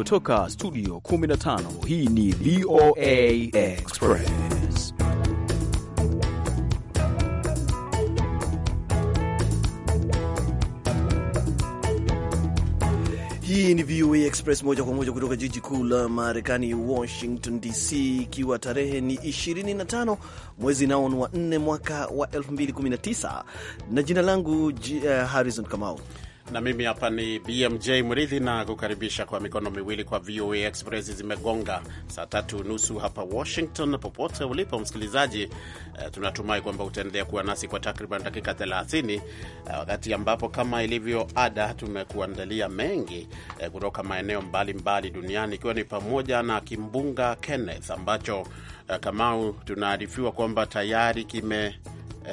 kutoka studio 15 hii ni VOA Express Hii ni VOA Express moja kwa moja kutoka jiji kuu la Marekani, Washington DC, ikiwa tarehe ni 25 mwezi naon wa 4 mwaka wa 2019 na jina langu eh, Harrison Kamau na mimi hapa ni BMJ Mridhi na kukaribisha kwa mikono miwili kwa VOA Express. Zimegonga saa tatu nusu hapa Washington. Popote ulipo msikilizaji, eh, tunatumai kwamba utaendelea kuwa nasi kwa takriban dakika 30, eh, wakati ambapo kama ilivyo ada tumekuandalia mengi eh, kutoka maeneo mbalimbali mbali duniani, ikiwa ni pamoja na kimbunga Kenneth ambacho eh, Kamau tunaarifiwa kwamba tayari kime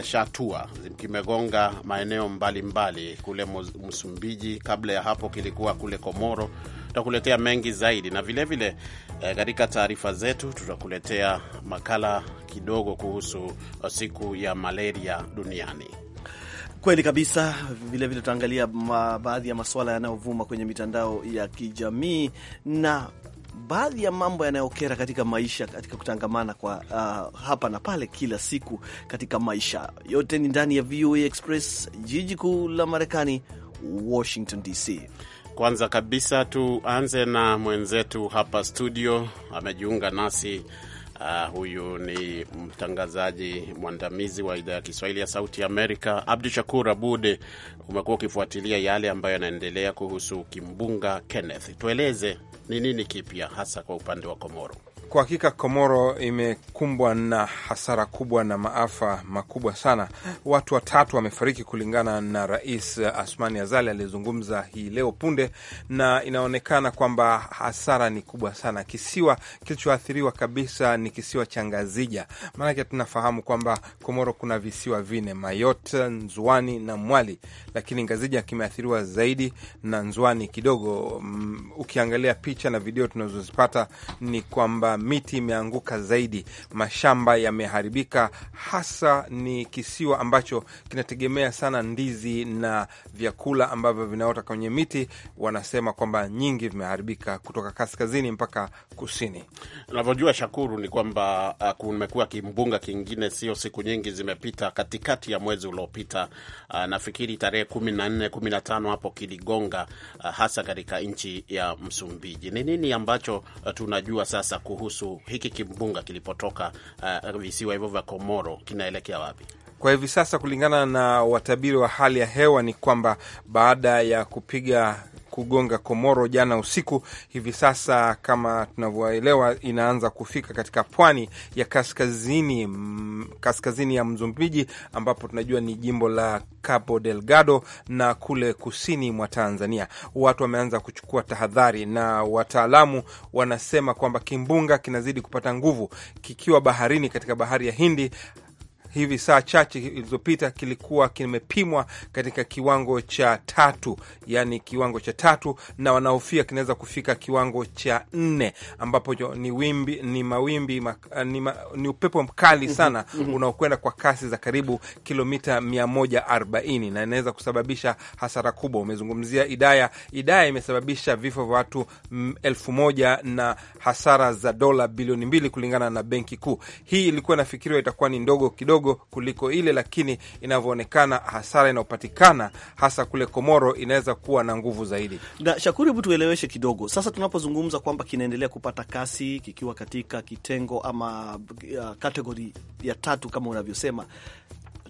shatua kimegonga maeneo mbalimbali mbali, kule Msumbiji. Kabla ya hapo kilikuwa kule Komoro. Tutakuletea mengi zaidi, na vilevile eh, katika vile, taarifa zetu tutakuletea makala kidogo kuhusu eh, siku ya malaria duniani. Kweli kabisa. Vilevile tutaangalia baadhi ya masuala yanayovuma kwenye mitandao ya kijamii na baadhi ya mambo yanayokera katika maisha, katika kutangamana kwa uh, hapa na pale kila siku katika maisha. Yote ni ndani ya VOA Express, jiji kuu la Marekani, Washington DC. Kwanza kabisa tuanze na mwenzetu hapa studio, amejiunga nasi. Uh, huyu ni mtangazaji mwandamizi wa idhaa ya Kiswahili ya Sauti Amerika, Abdu Shakur Abude. Umekuwa ukifuatilia yale ambayo yanaendelea kuhusu kimbunga Kenneth, tueleze ni nini kipya hasa kwa upande wa Komoro? Kwa hakika Komoro imekumbwa na hasara kubwa na maafa makubwa sana. Watu watatu wamefariki kulingana na Rais Asmani Azali aliyezungumza hii leo punde, na inaonekana kwamba hasara ni kubwa sana. Kisiwa kilichoathiriwa kabisa ni kisiwa cha Ngazija, maanake tunafahamu kwamba Komoro kuna visiwa vine, Mayotte, Nzwani na Mwali, lakini Ngazija kimeathiriwa zaidi na Nzwani kidogo. Mm, ukiangalia picha na video tunazozipata ni kwamba miti imeanguka zaidi, mashamba yameharibika, hasa ni kisiwa ambacho kinategemea sana ndizi na vyakula ambavyo vinaota kwenye miti. Wanasema kwamba nyingi vimeharibika kutoka kaskazini mpaka kusini. Unavyojua Shakuru, ni kwamba uh, kumekuwa kimbunga kingine, sio siku nyingi zimepita, katikati ya mwezi uliopita, uh, nafikiri tarehe kumi na nne kumi na tano hapo kiligonga uh, hasa katika nchi ya Msumbiji. Ni nini ambacho tunajua sasa kuhusu kuhusu hiki kimbunga kilipotoka uh, visiwa hivyo vya Komoro kinaelekea wapi? Kwa hivi sasa kulingana na watabiri wa hali ya hewa ni kwamba baada ya kupiga kugonga Komoro jana usiku. Hivi sasa kama tunavyoelewa, inaanza kufika katika pwani ya kaskazini, mm, kaskazini ya mzumbiji ambapo tunajua ni jimbo la Cabo Delgado na kule kusini mwa Tanzania watu wameanza kuchukua tahadhari, na wataalamu wanasema kwamba kimbunga kinazidi kupata nguvu kikiwa baharini katika bahari ya Hindi hivi saa chache ilizopita kilikuwa kimepimwa katika kiwango cha tatu, yani kiwango cha tatu, na wanahofia kinaweza kufika kiwango cha nne, ambapo ni wimbi, ni mawimbi ma, eh, ni, ma, ni upepo mkali mhm, sana mhm. unaokwenda kwa kasi za karibu kilomita 140 na inaweza kusababisha hasara kubwa. Umezungumzia Idaya. Idaya imesababisha vifo vya watu mm, elfu moja na hasara za dola bilioni mbili kulingana na benki kuu. Hii ilikuwa inafikiriwa itakuwa ni ndogo kidogo kidogo kuliko ile, lakini inavyoonekana hasara inayopatikana hasa kule Komoro inaweza kuwa na nguvu zaidi. Na Shakuri, hebu tueleweshe kidogo sasa, tunapozungumza kwamba kinaendelea kupata kasi kikiwa katika kitengo ama kategori uh, ya tatu kama unavyosema,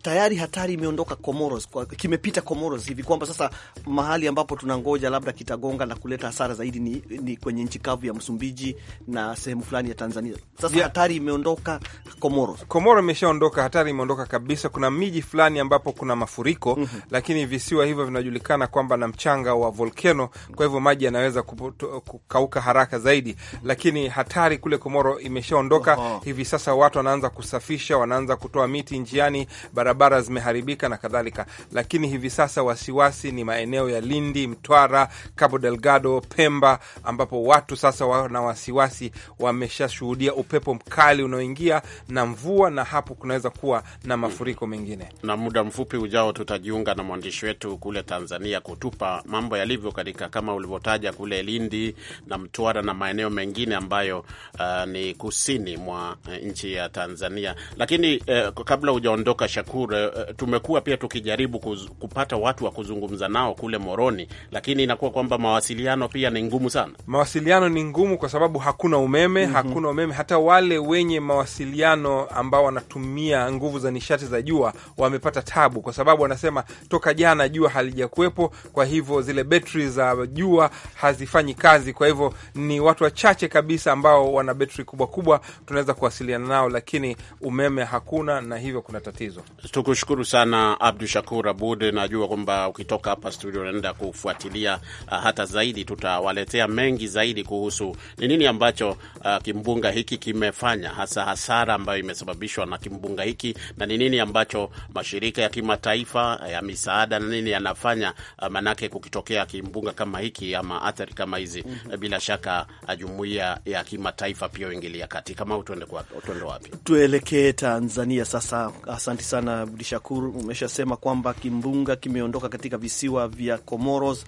tayari hatari imeondoka Comoros, kimepita Comoros hivi kwamba sasa mahali ambapo tunangoja labda kitagonga na kuleta hasara zaidi ni, ni kwenye nchi kavu ya Msumbiji na sehemu fulani ya Tanzania. Sasa yeah, hatari imeondoka Comoros. Komoro imeshaondoka, hatari imeondoka kabisa. Kuna miji fulani ambapo kuna mafuriko mm -hmm. Lakini visiwa hivyo vinajulikana kwamba na mchanga wa volkeno, kwa hivyo maji yanaweza kukauka haraka zaidi, lakini hatari kule omoro imeshaondoka. Hivi sasa watu wanaanza kusafisha, wanaanza kutoa miti njiani, barabara barabara zimeharibika na kadhalika, lakini hivi sasa wasiwasi ni maeneo ya Lindi, Mtwara, Cabo Delgado, Pemba, ambapo watu sasa wana wasiwasi, wameshashuhudia upepo mkali unaoingia na mvua, na hapo kunaweza kuwa na mafuriko mengine. Na muda mfupi ujao tutajiunga na mwandishi wetu kule Tanzania kutupa mambo yalivyo katika kama ulivyotaja kule Lindi na Mtwara na maeneo mengine ambayo uh, ni kusini mwa uh, nchi ya Tanzania. Lakini uh, kabla hujaondoka Shakuru Abdul, eh, eh, tumekuwa pia tukijaribu kuz, kupata watu wa kuzungumza nao kule Moroni, lakini inakuwa kwamba mawasiliano pia ni ngumu sana. Mawasiliano ni ngumu kwa sababu hakuna umeme mm -hmm. Hakuna umeme, hata wale wenye mawasiliano ambao wanatumia nguvu za nishati za jua wamepata tabu, kwa sababu wanasema toka jana jua halijakuwepo, kwa hivyo zile betri za jua hazifanyi kazi. Kwa hivyo ni watu wachache kabisa ambao wana betri kubwa kubwa tunaweza kuwasiliana nao, lakini umeme hakuna na hivyo kuna tatizo. Tukushukuru sana Abdu Shakur Abud. Najua kwamba ukitoka hapa studio unaenda kufuatilia uh, hata zaidi. Tutawaletea mengi zaidi kuhusu ni nini ambacho uh, kimbunga hiki kimefanya, hasa hasara ambayo imesababishwa na kimbunga hiki, na ni nini ambacho mashirika ya kimataifa eh, ya misaada na nini yanafanya, uh, manake kukitokea kimbunga kama hiki ama athari kama hizi mm -hmm. Bila shaka jumuiya ya kimataifa pia uingilia kati. Kama utuende wapi? Tuelekee Tanzania sasa. Asante sana na Shakur, umeshasema kwamba kimbunga kimeondoka katika visiwa vya Comoros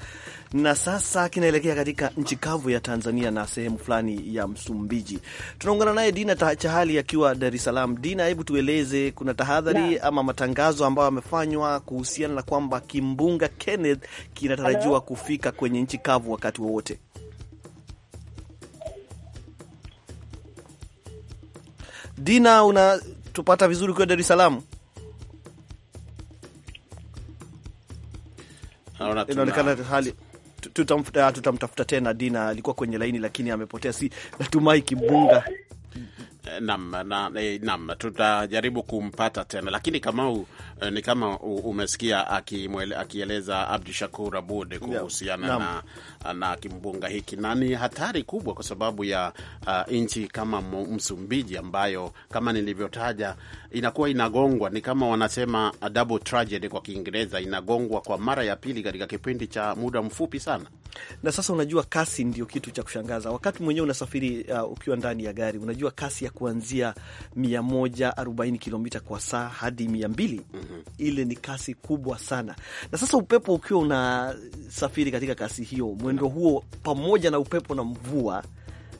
na sasa kinaelekea katika nchi kavu ya Tanzania na sehemu fulani ya Msumbiji. Tunaungana naye Dina Chahali akiwa Dar es Salaam. Dina, hebu tueleze, kuna tahadhari yeah, ama matangazo ambayo yamefanywa kuhusiana na kwamba kimbunga Kenneth kinatarajiwa kufika kwenye nchi kavu wakati wowote? Dina, unatupata vizuri ukiwa Dar es Salaam? inaonekana hali ah, tutamtafuta tuta tena. Dina alikuwa kwenye laini lakini amepotea. Si natumai Kimbunga nam, na, eh, nam tutajaribu kumpata tena, lakini Kamau eh, ni kama umesikia akieleza Abdu Shakur Abud kuhusiana yeah, na, na, na kimbunga hiki, na ni hatari kubwa kwa sababu ya uh, nchi kama Msumbiji ambayo kama nilivyotaja inakuwa inagongwa, ni kama wanasema ah, double tragedy kwa Kiingereza, inagongwa kwa mara ya pili katika kipindi cha muda mfupi sana. Na sasa unajua kasi ndio kitu cha kushangaza. Wakati mwenyewe unasafiri uh, ukiwa ndani ya gari, unajua kasi ya kuanzia 140 kilomita kwa saa hadi 200. mm -hmm. Ile ni kasi kubwa sana. Na sasa upepo ukiwa unasafiri katika kasi hiyo, mwendo mm. huo pamoja na upepo na mvua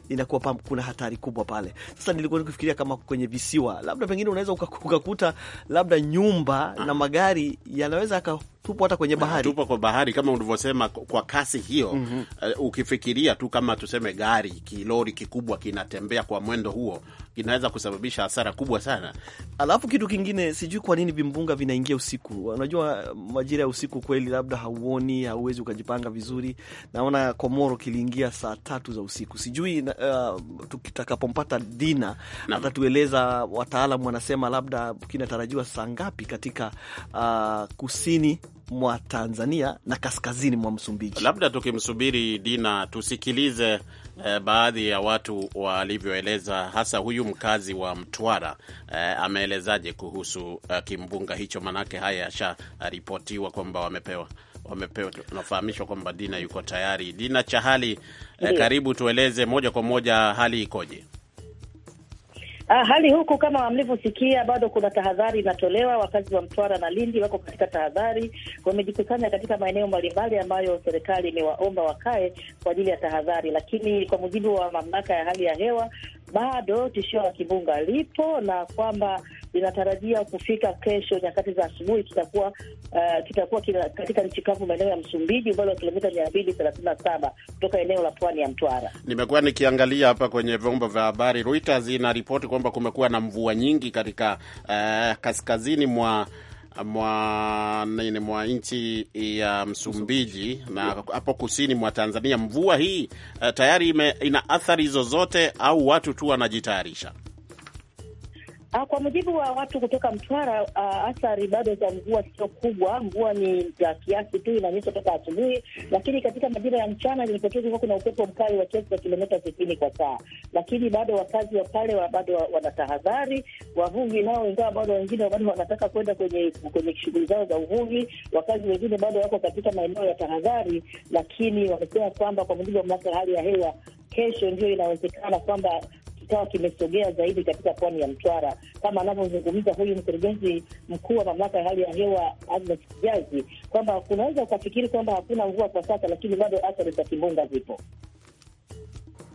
inakuwa pa, kuna hatari kubwa pale. Sasa nilikuwa nikifikiria kama kwenye visiwa, labda pengine unaweza ukakuta labda nyumba na ah. magari yanaweza tupo hata kwenye eh, bahari, tupo kwa bahari kama ulivyosema, kwa kasi hiyo mm -hmm. Uh, ukifikiria tu kama tuseme gari kilori kikubwa kinatembea kwa mwendo huo inaweza kusababisha hasara kubwa sana. Alafu kitu kingine, sijui kwa nini vimbunga vinaingia usiku. Unajua majira ya usiku kweli, labda hauoni, hauwezi ukajipanga vizuri. Naona Komoro kiliingia saa tatu za usiku, sijui uh, tutakapompata Dina atatueleza, wataalam wanasema labda kinatarajiwa saa ngapi katika uh, kusini mwa Tanzania na kaskazini mwa Msumbiji. Labda tukimsubiri Dina, tusikilize eh, baadhi ya watu walivyoeleza, hasa huyu mkazi wa Mtwara eh, ameelezaje kuhusu eh, kimbunga hicho, manake haya yasharipotiwa kwamba wamepewa wamepewa tunafahamishwa kwamba Dina yuko tayari. Dina Chahali, eh, karibu tueleze moja kwa moja hali ikoje? Ah, hali huku kama mlivyosikia, bado kuna tahadhari inatolewa. Wakazi wa Mtwara na Lindi wako katika tahadhari, wamejikusanya katika maeneo mbalimbali ambayo serikali imewaomba wakae kwa ajili ya tahadhari, lakini kwa mujibu wa mamlaka ya hali ya hewa bado tishio la kibunga lipo na kwamba linatarajia kufika kesho nyakati za asubuhi kitakuwa uh, kitakuwa katika nchi kavu maeneo ya Msumbiji, umbali wa kilomita mia mbili thelathini na saba kutoka eneo la pwani ya Mtwara. Nimekuwa nikiangalia hapa kwenye vyombo vya habari, Reuters inaripoti kwamba kumekuwa na mvua nyingi katika uh, kaskazini mwa mwa nini mwa nchi ya Msumbiji na hapo kusini mwa Tanzania. Mvua hii uh, tayari ime, ina athari zozote au watu tu wanajitayarisha? Ah, kwa mujibu wa watu kutoka Mtwara, ah, athari bado za mvua sio kubwa. Mvua ni za kiasi tu, inanyesha toka asubuhi, lakini katika majira ya mchana ilipotokea kulikuwa kuna upepo mkali wa kiasi cha kilomita sitini kwa saa, lakini bado wakazi wa pale wa bado wanatahadhari. Wavuvi nao, ingawa bado wengine bado wanataka kwenda kwenye kwenye shughuli zao za uvuvi, wakazi wengine bado wako katika maeneo ya tahadhari, lakini wamesema kwamba kwa mujibu wa mamlaka ya hali ya hewa, kesho ndio inawezekana kwamba kikawa kimesogea zaidi katika pwani ya Mtwara, kama anavyozungumza huyu mkurugenzi mkuu wa mamlaka ya hali ya hewa Agnes Kijazi kwamba kunaweza ukafikiri kwamba hakuna mvua kwa sasa, lakini bado athari za kimbunga zipo.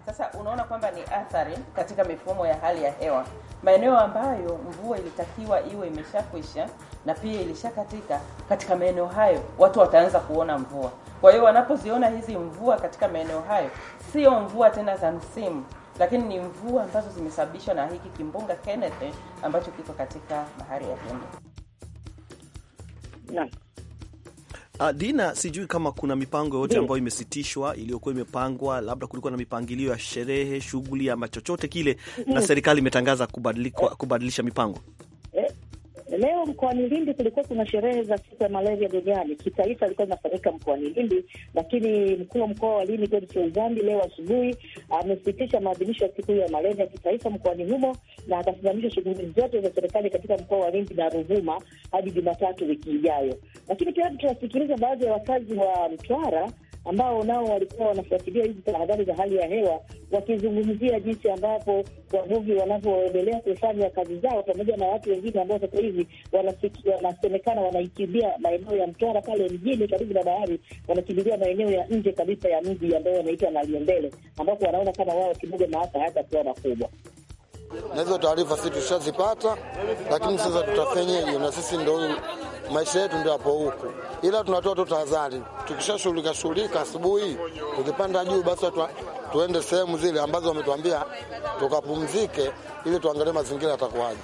Sasa unaona kwamba ni athari katika mifumo ya hali ya hewa. Maeneo ambayo mvua ilitakiwa iwe imeshakwisha na pia ilishakatika, katika maeneo hayo watu wataanza kuona mvua. Kwa hiyo wanapoziona hizi mvua katika maeneo hayo, sio mvua tena za msimu, lakini ni mvua ambazo zimesababishwa na hiki kimbunga Kenneth eh, ambacho kiko katika bahari ya Hindi. Ah, Dina, sijui kama kuna mipango yote ambayo imesitishwa iliyokuwa imepangwa, labda kulikuwa na mipangilio ya sherehe, shughuli ama chochote kile, na serikali imetangaza kubadilisha mipango Leo mkoani Lindi kulikuwa kuna sherehe za siku ya malaria duniani kitaifa, ilikuwa inafanyika mkoani Lindi, lakini mkuu wa mkoa wa Lindi Godfrey Nzambi leo asubuhi amesitisha maadhimisho ya siku ya malaria kitaifa mkoani humo na akasimamisha shughuli zote za serikali katika mkoa wa Lindi na Ruvuma hadi Jumatatu wiki ijayo. Lakini pia tunasikiliza baadhi ya wakazi wa Mtwara ambao nao walikuwa wanafuatilia hizi tahadhari za hali ya hewa, wakizungumzia jinsi ambapo wavuvi wanavyoendelea kufanya kazi zao, pamoja na watu wengine ambao sasa hivi wanasemekana wanaikimbia maeneo ya Mtwara pale mjini karibu na bahari, wanakimbilia maeneo ya nje kabisa ya mji ambayo wanaitwa Naliendele, ambapo wanaona kama wao kidogo maafa hayatakuwa makubwa na hizo taarifa sisi tushazipata, lakini sasa tutafanyaje? Na sisi ndo maisha yetu ndio hapo huku, ila tunatoa tu tahadhari, tukishashughulika shughulika asubuhi, tukipanda juu basi tuende sehemu zile ambazo wametuambia tukapumzike, ili tuangalie mazingira yatakuwaje.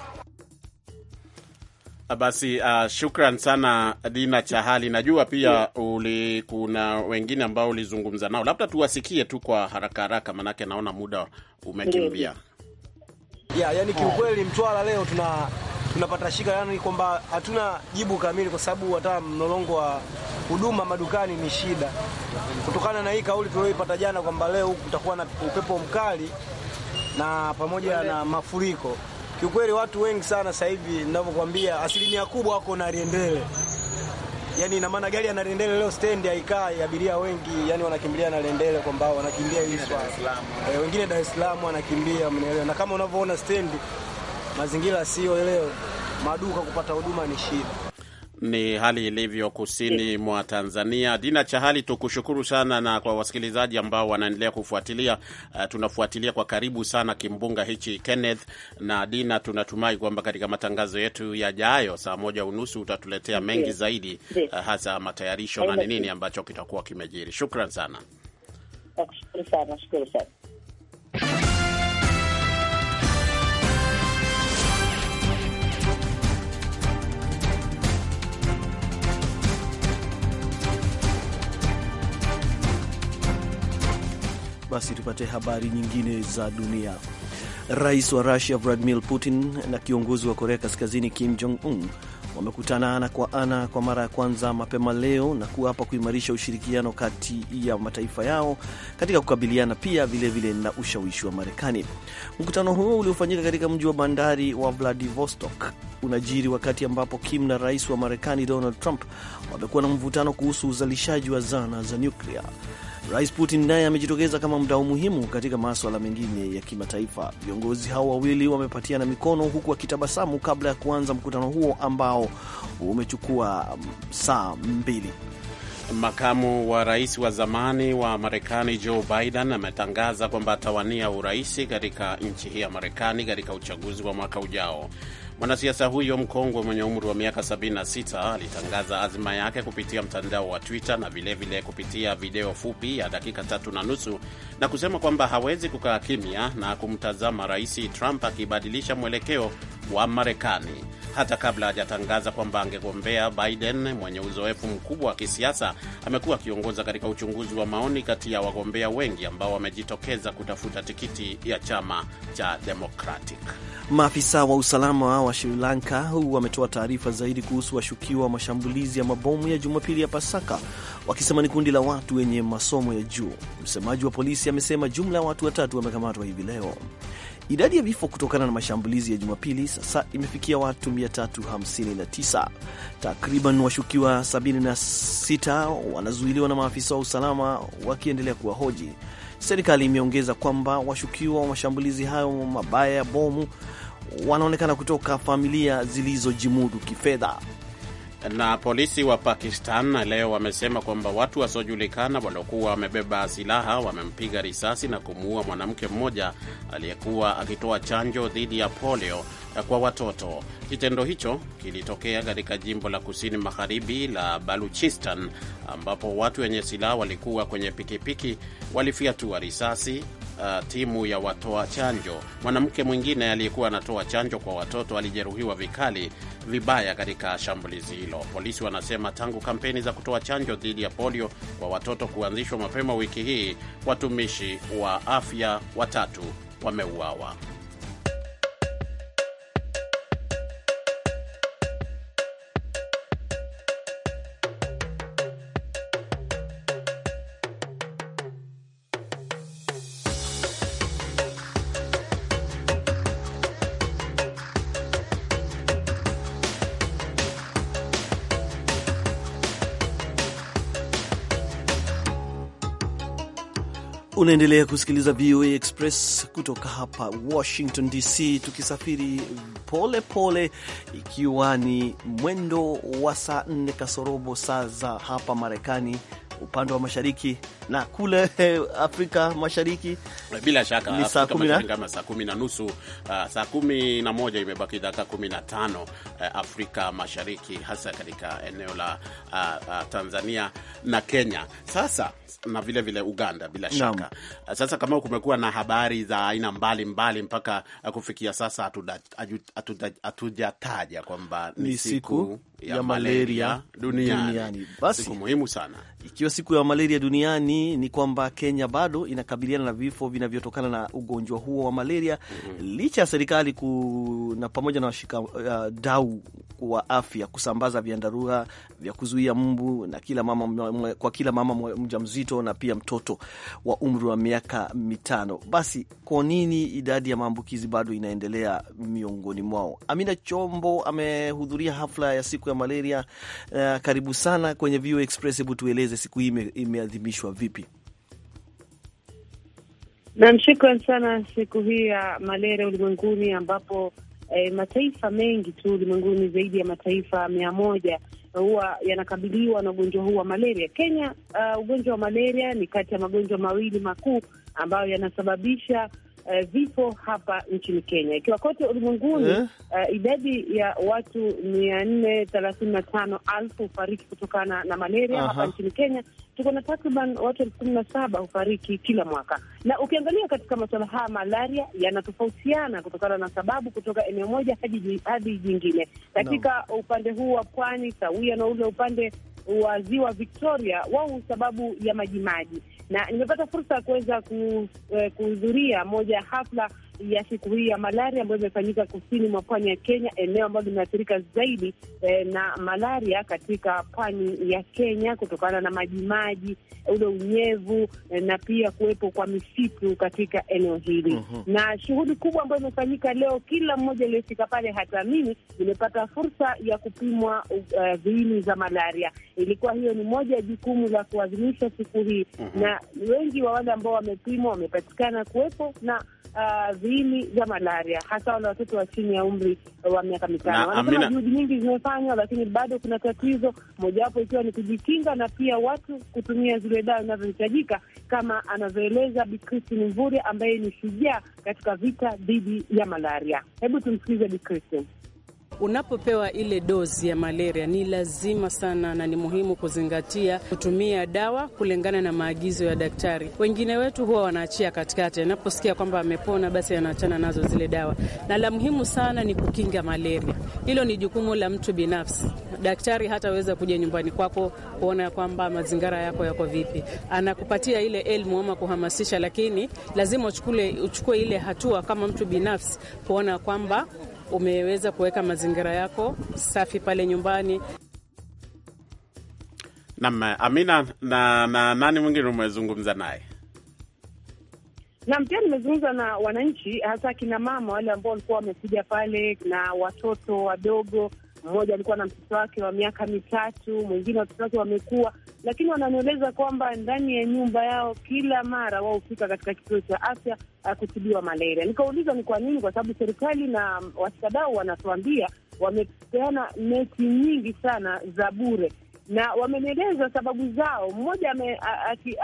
Ah, basi uh, shukran sana Dina Chahali. Najua pia yeah, uli kuna wengine ambao ulizungumza nao, labda tuwasikie tu kwa haraka haraka, manake naona muda umekimbia. Yeah, yani kiukweli Mtwara leo tuna tunapata shika, yani kwamba hatuna jibu kamili, kwa sababu hata mlolongo wa huduma madukani ni shida, kutokana na hii kauli tulioipata jana kwamba leo kutakuwa na upepo mkali na pamoja na mafuriko. Kiukweli watu wengi sana sasa hivi ninavyokuambia, asilimia kubwa wako na riendele, yani ina maana gari ya riendele leo stendi haikai, abiria wengi yani wanakimbilia na riendele, kwamba wanakimbia hili swala, eh, wengine Dar es Salaam wanakimbia, mnaelewa. Na kama unavyoona stendi mazingira sio leo, maduka kupata huduma ni shida ni hali ilivyo kusini mwa Tanzania. Dina Chahali, tukushukuru sana, na kwa wasikilizaji ambao wanaendelea kufuatilia, uh, tunafuatilia kwa karibu sana kimbunga hichi Kenneth na Dina. Tunatumai kwamba katika matangazo yetu yajayo saa moja unusu utatuletea mengi zaidi, uh, hasa matayarisho na ni nini ambacho kitakuwa kimejiri. Shukran sana, shukuru sana, shukuru sana. Basi tupate habari nyingine za dunia. Rais wa Rusia Vladimir Putin na kiongozi wa Korea Kaskazini Kim Jong Un wamekutana ana kwa ana kwa mara ya kwanza mapema leo na kuapa kuimarisha ushirikiano kati ya mataifa yao katika kukabiliana pia vilevile vile na ushawishi wa Marekani. Mkutano huo uliofanyika katika mji wa bandari wa Vladivostok unajiri wakati ambapo Kim na rais wa Marekani Donald Trump wamekuwa na mvutano kuhusu uzalishaji wa zana za nyuklia. Rais Putin naye amejitokeza kama mdau muhimu katika maswala mengine ya kimataifa. Viongozi hao wawili wamepatiana mikono huku wakitabasamu kabla ya kuanza mkutano huo ambao umechukua saa mbili. Makamu wa rais wa zamani wa Marekani Joe Biden ametangaza kwamba atawania urais katika nchi hii ya Marekani katika uchaguzi wa mwaka ujao. Mwanasiasa huyo mkongwe mwenye umri wa miaka 76 alitangaza azima yake kupitia mtandao wa Twitter na vilevile vile kupitia video fupi ya dakika tatu na nusu na kusema kwamba hawezi kukaa kimya na kumtazama rais Trump akibadilisha mwelekeo wa Marekani hata kabla hajatangaza kwamba angegombea. Biden mwenye uzoefu mkubwa wa kisiasa amekuwa akiongoza katika uchunguzi wa maoni kati ya wagombea wengi ambao wamejitokeza kutafuta tikiti ya chama cha Democratic. Maafisa wa usalama wa Sri Lanka wametoa taarifa zaidi kuhusu washukiwa wa mashambulizi ya mabomu ya Jumapili ya Pasaka, wakisema ni kundi la watu wenye masomo ya juu. Msemaji wa polisi amesema jumla ya watu watatu wamekamatwa hivi leo. Idadi ya vifo kutokana na mashambulizi ya Jumapili sasa imefikia watu 359. Takriban washukiwa 76 wanazuiliwa na maafisa wa usalama wakiendelea kuwahoji. Serikali imeongeza kwamba washukiwa wa mashambulizi hayo mabaya ya bomu wanaonekana kutoka familia zilizojimudu kifedha. Na polisi wa Pakistan leo wamesema kwamba watu wasiojulikana waliokuwa wamebeba silaha wamempiga risasi na kumuua mwanamke mmoja aliyekuwa akitoa chanjo dhidi ya polio kwa watoto. Kitendo hicho kilitokea katika jimbo la kusini magharibi la Baluchistan ambapo watu wenye silaha walikuwa kwenye pikipiki, walifyatua risasi uh, timu ya watoa chanjo. Mwanamke mwingine aliyekuwa anatoa chanjo kwa watoto alijeruhiwa vikali vibaya katika shambulizi hilo. Polisi wanasema tangu kampeni za kutoa chanjo dhidi ya polio kwa watoto kuanzishwa mapema wiki hii, watumishi wa afya watatu wameuawa. Unaendelea kusikiliza VOA Express kutoka hapa Washington DC, tukisafiri pole pole, ikiwa ni mwendo wa saa nne kasorobo saa za hapa Marekani upande wa mashariki na kule Afrika Mashariki bila shaka ni saa kumi na nusu, uh, saa kumi na moja imebaki dakika kumi na tano uh, Afrika Mashariki, hasa katika eneo la uh, uh, Tanzania na Kenya. Sasa na vile vile Uganda bila shaka no. Sasa kama kumekuwa na habari za aina mbalimbali mpaka kufikia sasa hatujataja kwamba ni siku ya, ya malaria duniani, duniani. Basi, siku muhimu sana ikiwa siku ya malaria duniani ni kwamba Kenya bado inakabiliana na vifo vinavyotokana na ugonjwa huo wa malaria mm -hmm. licha ya serikali ku... na pamoja na washika uh, dau wa afya kusambaza vyandarua vya kuzuia mbu na kila mama kwa kila mama mjamzito na pia mtoto wa umri wa miaka mitano. Basi kwa nini idadi ya maambukizi bado inaendelea miongoni mwao? Amina Chombo amehudhuria hafla ya siku ya malaria. Uh, karibu sana kwenye VOA Express. Hebu tueleze siku hii imeadhimishwa vipi? Nam, shukran sana. Siku hii ya malaria ulimwenguni ambapo eh, mataifa mengi tu ulimwenguni zaidi ya mataifa mia moja huwa yanakabiliwa na ugonjwa huu wa malaria. Kenya, uh, ugonjwa wa malaria ni kati ya magonjwa mawili makuu ambayo yanasababisha uh, vifo hapa nchini Kenya, ikiwa kote ulimwenguni eh, uh, idadi ya watu mia nne thelathini na tano elfu hufariki kutokana na malaria uh -huh. Hapa nchini Kenya tuko na takriban watu elfu kumi na saba hufariki kila mwaka, na ukiangalia katika masuala haya malaria yanatofautiana kutokana na sababu kutoka eneo moja hadi jingine. Katika no. upande huu wa pwani sawia na ule upande wa ziwa Victoria, wao sababu ya majimaji na nimepata fursa ya kuweza eh, kuhudhuria moja ya hafla ya siku hii ya malaria ambayo imefanyika kusini mwa pwani ya Kenya, eneo ambalo limeathirika zaidi eh, na malaria katika pwani ya Kenya kutokana na majimaji, ule unyevu eh, na pia kuwepo kwa misitu katika eneo hili uh mhm. -huh. Na shughuli kubwa ambayo imefanyika leo, kila mmoja aliyefika pale, hata mimi nimepata fursa ya kupimwa uh, viini za malaria. Ilikuwa hiyo ni moja ya jukumu la kuadhimisha siku hii uh mhm. -huh. Na wengi wa wale ambao wamepimwa wamepatikana kuwepo na uh, mbili za malaria, hasa wale watoto wa chini ya umri wa miaka mitano. Wanasema juhudi nyingi zimefanywa, lakini bado kuna tatizo, mojawapo ikiwa ni kujikinga na pia watu kutumia zile dawa zinazohitajika, kama anavyoeleza Bi Christine ambaye ni shujaa katika vita dhidi ya malaria. Hebu tumsikilize Bi Christine. Unapopewa ile dozi ya malaria, ni lazima sana na ni muhimu kuzingatia kutumia dawa kulingana na maagizo ya daktari. Wengine wetu huwa wanaachia katikati, anaposikia kwamba amepona, basi anaachana nazo zile dawa, na la muhimu sana ni kukinga malaria. Hilo ni jukumu la mtu binafsi. Daktari hataweza kuja nyumbani kwako kuona kwamba mazingira yako yako vipi. Anakupatia ile elimu ama kuhamasisha, lakini lazima uchukue, uchukue ile hatua kama mtu binafsi kuona kwamba umeweza kuweka mazingira yako safi pale nyumbani. nam Amina, na, na nani mwingine umezungumza naye? nam pia nimezungumza na wananchi, hasa kina mama wale ambao walikuwa wamekuja pale na watoto wadogo mmoja alikuwa na mtoto wake wa miaka mitatu, mwingine watoto wake wamekuwa, lakini wananieleza kwamba ndani ya nyumba yao kila mara wao hufika katika kituo cha afya uh, kutibiwa malaria. Nikauliza ni kwa nini, kwa sababu serikali na washikadau wanatuambia wamepeana neti nyingi sana za bure na wamenieleza sababu zao. Mmoja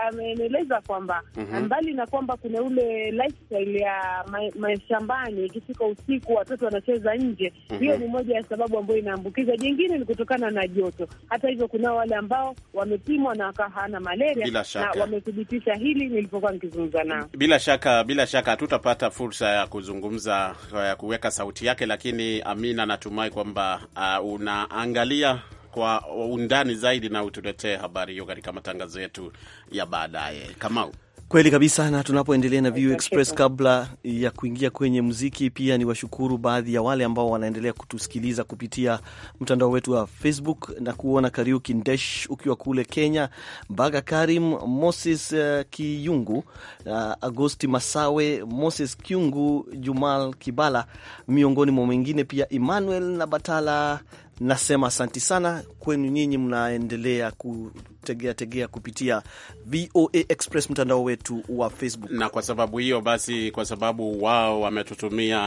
amenieleza kwamba mm -hmm. mbali na kwamba kuna ule lifestyle ya mashambani ma, ikifika usiku watoto wanacheza nje mm hiyo -hmm. ni moja ya sababu ambayo inaambukiza. Jingine ni kutokana na joto. Hata hivyo, kunao wale ambao wamepimwa na wakahana malaria na wamethibitisha hili nilipokuwa nikizungumza nao. Bila shaka, bila shaka hatutapata fursa ya kuzungumza ya kuweka sauti yake, lakini Amina, natumai kwamba uh, unaangalia kwa undani zaidi na utuletee habari hiyo katika matangazo yetu ya baadaye. Kamau. Kweli kabisa, na tunapoendelea na VOA Express, kabla ya kuingia kwenye muziki, pia ni washukuru baadhi ya wale ambao wanaendelea kutusikiliza kupitia mtandao wetu wa Facebook na kuona Kariuki Ndesh ukiwa kule Kenya, baga Karim, Moses eh, Kiyungu, eh, Agosti Masawe, Moses Kyungu, Jumal Kibala, miongoni mwa mwingine, pia Emmanuel na Batala Nasema asanti sana kwenu nyinyi mnaendelea ku kutegea tegea kupitia VOA Express mtandao wetu wa Facebook. Na kwa sababu hiyo basi, kwa sababu wao wametutumia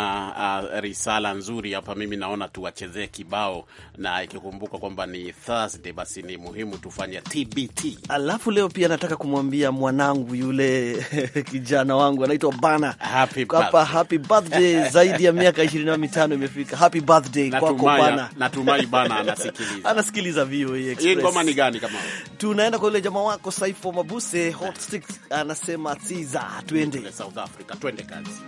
uh, risala nzuri hapa, mimi naona tuwachezee kibao, na ikikumbuka kwamba ni Thursday, basi ni muhimu tufanye TBT. Alafu leo pia nataka kumwambia mwanangu yule kijana wangu anaitwa Bana happy hapa, happy birthday zaidi ya miaka na mitano imefika. Happy birthday kwako Bana. Natumai Bana anasikiliza anasikiliza VOA Express. Hii ngoma ni gani kama tunaenda kwa yule jamaa wako Saifo Mabuse Hot Sticks anasema tiza, twende South Africa, twende kazi.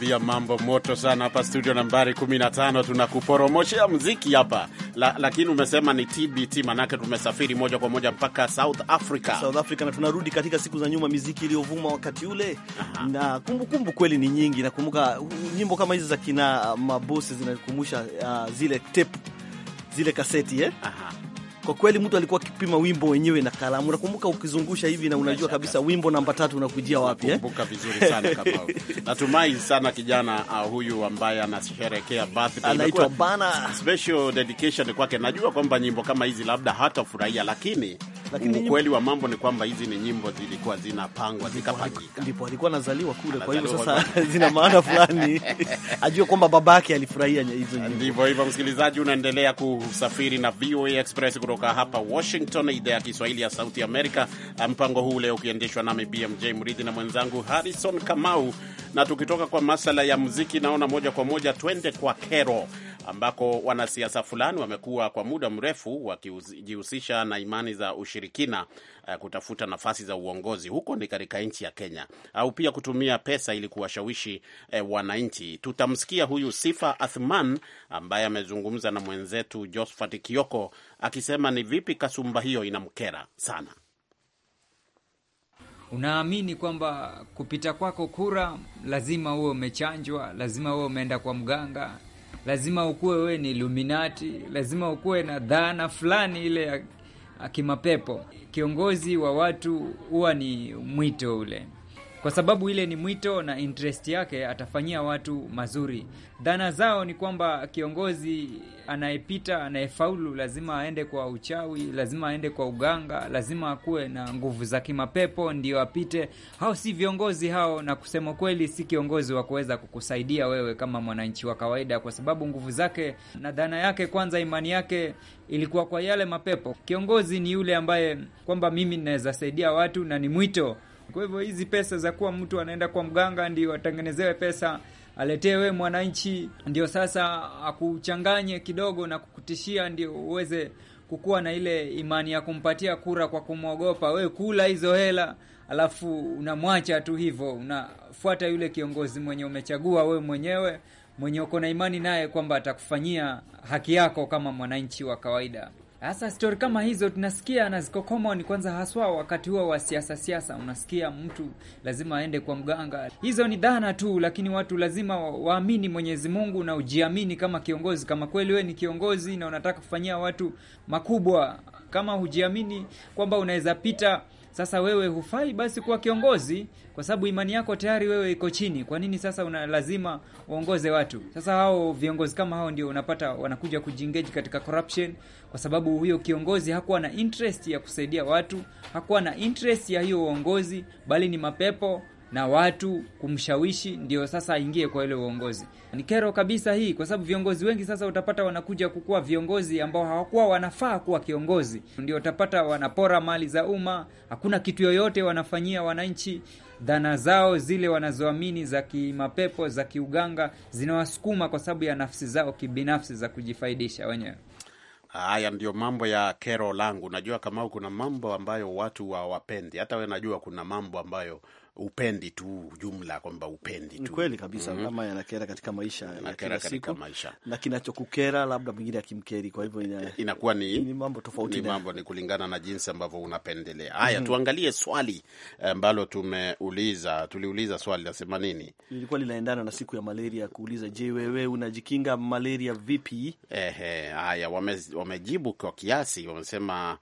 nakwambia mambo moto sana hapa studio nambari 15, tunakuporomoshea mziki hapa la, lakini umesema ni TBT, manake tumesafiri moja kwa moja mpaka South Africa. South Africa na tunarudi katika siku za nyuma, miziki iliyovuma wakati ule. Aha. na kumbukumbu kumbu kweli ni nyingi. Nakumbuka nyimbo kama hizi za kina uh, mabosi zinakumbusha uh, zile tape zile kaseti eh? Aha kwa kweli mtu alikuwa akipima wimbo wenyewe na kalamu. Unakumbuka ukizungusha hivi na unajua kabisa wimbo namba tatu unakujia wapi eh? Kumbuka vizuri sana kama natumai sana kijana uh, huyu ambaye anasherekea birthday anaitwa bana, special dedication kwake. Najua kwamba nyimbo kama hizi labda hata furahia, lakini lakini ukweli wa mambo ni kwamba hizi ni nyimbo zilikuwa zinapangwa zikapangika, ndipo alikuwa anazaliwa kule, kwa hivyo sasa zina maana fulani ajue kwamba babake alifurahia hizo nyimbo. Ndivyo hivyo, msikilizaji, unaendelea kusafiri na VOA Express kutoka hapa Washington, idhaa ya Kiswahili ya Sauti Amerika. Mpango huu leo ukiendeshwa nami BMJ Mridhi na mwenzangu Harrison Kamau, na tukitoka kwa masala ya muziki, naona moja kwa moja twende kwa kero ambako wanasiasa fulani wamekuwa kwa muda mrefu wakijihusisha na imani za ushirikina uh, kutafuta nafasi za uongozi. Huko ni katika nchi ya Kenya, au pia kutumia pesa ili kuwashawishi uh, wananchi. Tutamsikia huyu Sifa Athman ambaye amezungumza na mwenzetu Josphat Kioko akisema ni vipi kasumba hiyo inamkera sana. Unaamini kwamba kupita kwako kura lazima uwe umechanjwa, lazima uwe umeenda kwa mganga lazima ukuwe wewe ni Illuminati, lazima ukuwe na dhana fulani ile ya kimapepo. Kiongozi wa watu huwa ni mwito ule kwa sababu ile ni mwito na interest yake, atafanyia watu mazuri. Dhana zao ni kwamba kiongozi anayepita anayefaulu lazima aende kwa uchawi, lazima aende kwa uganga, lazima akuwe na nguvu za kimapepo ndio apite. Hao si viongozi hao, na kusema kweli, si kiongozi wa kuweza kukusaidia wewe kama mwananchi wa kawaida, kwa sababu nguvu zake na dhana yake, kwanza imani yake ilikuwa kwa yale mapepo. Kiongozi ni yule ambaye kwamba mimi naweza saidia watu na ni mwito kwa hivyo hizi pesa za kuwa mtu anaenda kwa mganga ndio atengenezewe pesa aletee wewe mwananchi, ndio sasa akuchanganye kidogo na kukutishia, ndio uweze kukuwa na ile imani ya kumpatia kura kwa kumwogopa. wewe kula hizo hela, alafu unamwacha tu hivyo, unafuata yule kiongozi mwenye umechagua wewe mwenyewe, mwenye uko na imani naye kwamba atakufanyia haki yako kama mwananchi wa kawaida. Hasa stori kama hizo tunasikia na ziko common, kwanza haswa wakati huo wa siasa siasa, unasikia mtu lazima aende kwa mganga. Hizo ni dhana tu, lakini watu lazima waamini Mwenyezi Mungu na ujiamini kama kiongozi. Kama kweli we ni kiongozi na unataka kufanyia watu makubwa, kama hujiamini kwamba unaweza pita sasa wewe hufai basi kuwa kiongozi, kwa sababu imani yako tayari wewe iko chini. Kwa nini sasa una lazima uongoze watu? Sasa hao viongozi kama hao ndio unapata wanakuja kujingeji katika corruption, kwa sababu huyo kiongozi hakuwa na interest ya kusaidia watu, hakuwa na interest ya hiyo uongozi, bali ni mapepo na watu kumshawishi ndio sasa aingie kwa ile uongozi. Ni kero kabisa hii, kwa sababu viongozi wengi sasa utapata wanakuja kukuwa viongozi ambao hawakuwa wanafaa kuwa kiongozi. Ndio utapata wanapora mali za umma, hakuna kitu yoyote wanafanyia wananchi. Dhana zao zile wanazoamini za kimapepo za kiuganga zinawasukuma kwa sababu ya nafsi zao kibinafsi za kujifaidisha wenyewe. Haya ndio mambo ya kero langu. Najua kama kuna mambo ambayo watu hawapendi, hata we najua kuna mambo ambayo upendi tu jumla kwamba upendi tu. kweli kabisa mm -hmm. Ama yanakera katika maisha ya kila siku maisha, na kinachokukera labda mwingine akimkeri, kwa hivyo ina, inakuwa ni, ni mambo tofauti, ni mambo ni kulingana na jinsi ambavyo unapendelea. Haya, mm -hmm. Tuangalie swali ambalo tumeuliza, tuliuliza swali la semanini lilikuwa linaendana na siku ya malaria kuuliza, je, wewe unajikinga malaria vipi? Ehe, haya, wamejibu kwa kiasi, wamesema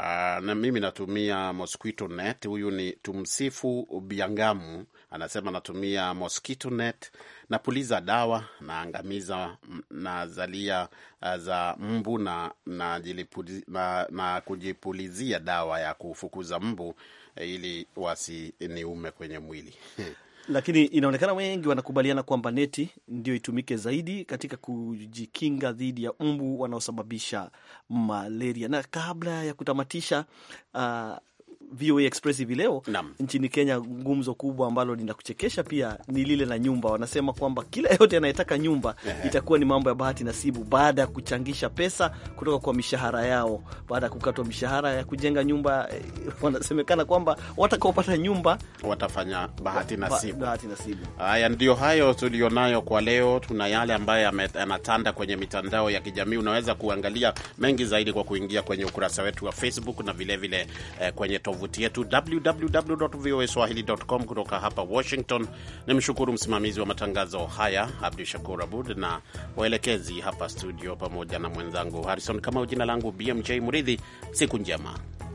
Ah, na mimi natumia mosquito net. Huyu ni tumsifu Biangamu, anasema natumia mosquito net, napuliza dawa, naangamiza na zalia ah, za mbu na, na, na, na kujipulizia dawa ya kufukuza mbu eh, ili wasiniume kwenye mwili Lakini inaonekana wengi wanakubaliana kwamba neti ndio itumike zaidi katika kujikinga dhidi ya mbu wanaosababisha malaria. Na kabla ya kutamatisha, uh, VOA Express hivi leo nchini Kenya, gumzo kubwa ambalo linakuchekesha pia ni lile la nyumba. Wanasema kwamba kila yote anayetaka nyumba itakuwa ni mambo ya bahati nasibu baada ya kuchangisha pesa kutoka kwa mishahara yao, baada ya kukatwa mishahara ya kujenga nyumba. Eh, wanasemekana kwamba watakaopata nyumba watafanya bahati nasibu. Bahati nasibu. Haya, ndio hayo tulionayo kwa leo. Tuna yale ambayo yanatanda kwenye mitandao ya kijamii. Unaweza kuangalia mengi zaidi kwa kuingia kwenye ukurasa wetu wa Facebook na vilevile vile, eh, kwenye tovuti yetu www.voaswahili.com. Kutoka hapa Washington, ni mshukuru msimamizi wa matangazo haya Abdu Shakur Abud na waelekezi hapa studio, pamoja na mwenzangu Harrison Kamau. Jina langu BMJ Muridhi, siku njema.